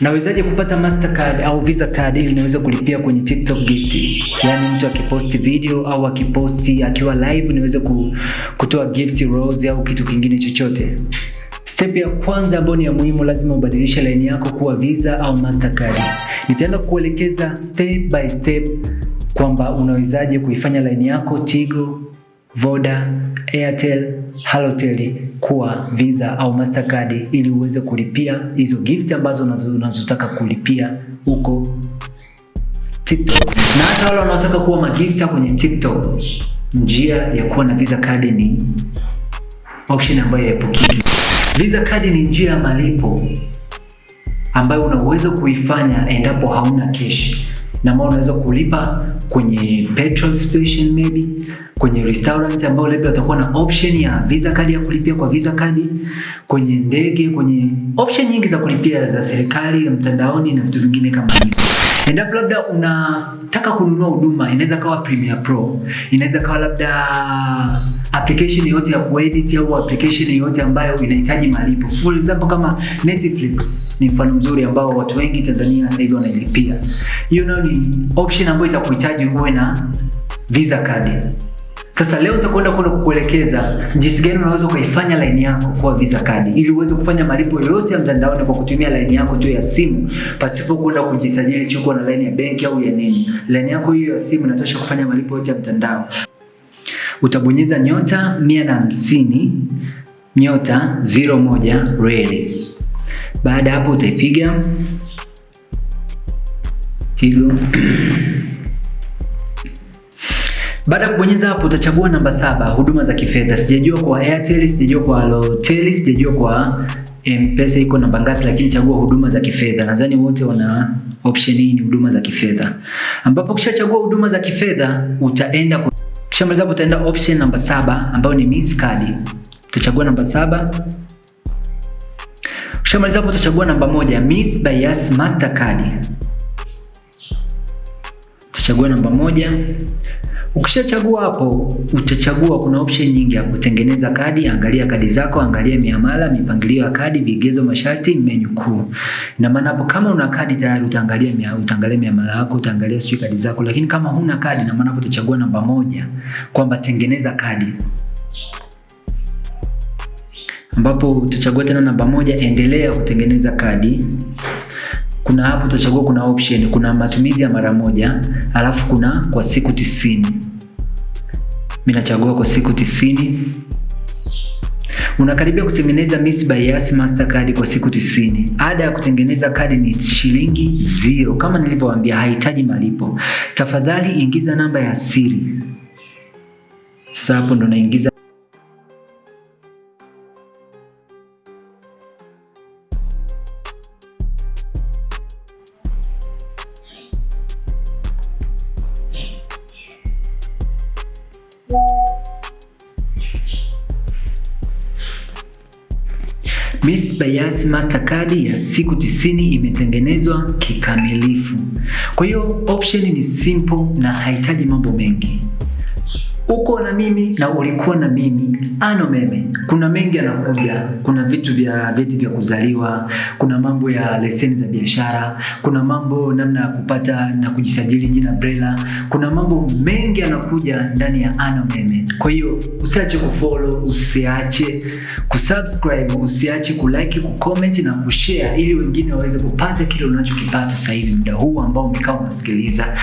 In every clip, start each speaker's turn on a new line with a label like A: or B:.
A: Nawezaje kupata Mastercard au Visa card ili niweze kulipia kwenye TikTok gift? Yaani mtu akiposti video au akiposti akiwa live niweze kutoa gift rose au kitu kingine chochote. Step ya kwanza ambayo ni ya muhimu, lazima ubadilishe line yako kuwa Visa au Mastercard. Nitaenda kuelekeza step by step kwamba unawezaje kuifanya line yako Tigo Voda, Airtel, Halotel kuwa Visa au Mastercard ili uweze kulipia hizo gift ambazo unazotaka kulipia huko TikTok. Na wale wanaotaka kuwa magifta kwenye TikTok, njia ya kuwa na Visa card ni option ambayo yaepukiki. Visa card ni njia ya malipo ambayo unaweza kuifanya endapo hauna cash na ambao unaweza kulipa kwenye petrol station maybe, kwenye restaurant ambao labda watakuwa na option ya visa kadi ya kulipia kwa visa kadi, kwenye ndege, kwenye option nyingi za kulipia za serikali mtandaoni na vitu vingine kama hivyo. Endapo labda unataka kununua huduma, inaweza kawa Premiere Pro, inaweza kawa labda application yoyote ya kuedit au application yoyote ambayo inahitaji malipo. For example kama Netflix ni mfano mzuri ambao watu wengi Tanzania sasa hivi wanailipia. Hiyo nayo ni option ambayo itakuhitaji uwe na Visa kadi. Sasa leo nitakwenda kwenda kukuelekeza jinsi gani unaweza ukaifanya line yako kuwa Visa kadi ili uweze kufanya malipo yoyote ya mtandaoni kwa kutumia line yako tu ya simu pasipo kwenda kujisajili chukua na line ya benki au ya nini. Line yako hiyo ya simu inatosha kufanya malipo yote ya mtandao. Utabonyeza nyota mia na hamsini nyota zero moja reli. Baada hapo utaipiga hiyo Baada ya kubonyeza hapo utachagua namba saba, huduma za kifedha. Sijajua kwa Airtel, sijajua kwa Halotel, sijajua kwa M-Pesa iko namba ngapi, lakini chagua huduma za kifedha. Nadhani wote wana option hii, ni huduma za kifedha, ambapo ukishachagua huduma za kifedha utaenda kwa... Kishamaliza hapo utaenda option namba saba ambayo ni miss card. Utachagua namba saba. Ukishamaliza hapo utachagua namba moja, miss bias Mastercard. Utachagua namba moja. Ukishachagua hapo, utachagua kuna option nyingi ya kutengeneza kadi, angalia kadi zako, angalia miamala, mipangilio ya kadi, vigezo, masharti, menu kuu. Na maana hapo kama una kadi tayari utaangalia mia, utaangalia miamala yako, utaangalia sio kadi zako, lakini kama huna kadi, na maana hapo utachagua namba moja kwamba tengeneza kadi ambapo utachagua tena namba moja, endelea kutengeneza kadi. Kuna hapo utachagua, kuna option, kuna matumizi ya mara moja, alafu kuna kwa siku tisini. Mimi nachagua kwa siku tisini. Unakaribia kutengeneza Miss by Yas Mastercard kwa siku tisini. Ada ya kutengeneza kadi ni shilingi zero. Kama nilivyowaambia, hahitaji malipo. Tafadhali ingiza namba ya siri. Sasa hapo ndo naingiza Miss Buyers Mastercard ya siku 90 imetengenezwa kikamilifu. Kwa hiyo option ni simple na haihitaji mambo mengi uko na mimi na ulikuwa na mimi. Ano meme, kuna mengi yanakuja. Kuna vitu vya vyeti vya kuzaliwa, kuna mambo ya leseni za biashara, kuna mambo namna ya kupata na kujisajili jina BRELA, kuna mambo mengi yanakuja ndani ya ano meme. Kwa hiyo usiache kufollow, usiache kusubscribe, usiache kulike, kucomment na kushare, ili wengine waweze kupata kile unachokipata sasa hivi muda huu ambao umekaa unasikiliza.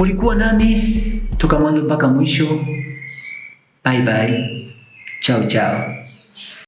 A: Ulikuwa nami toka mwanzo mpaka mwisho. Bye bye. Chao chao.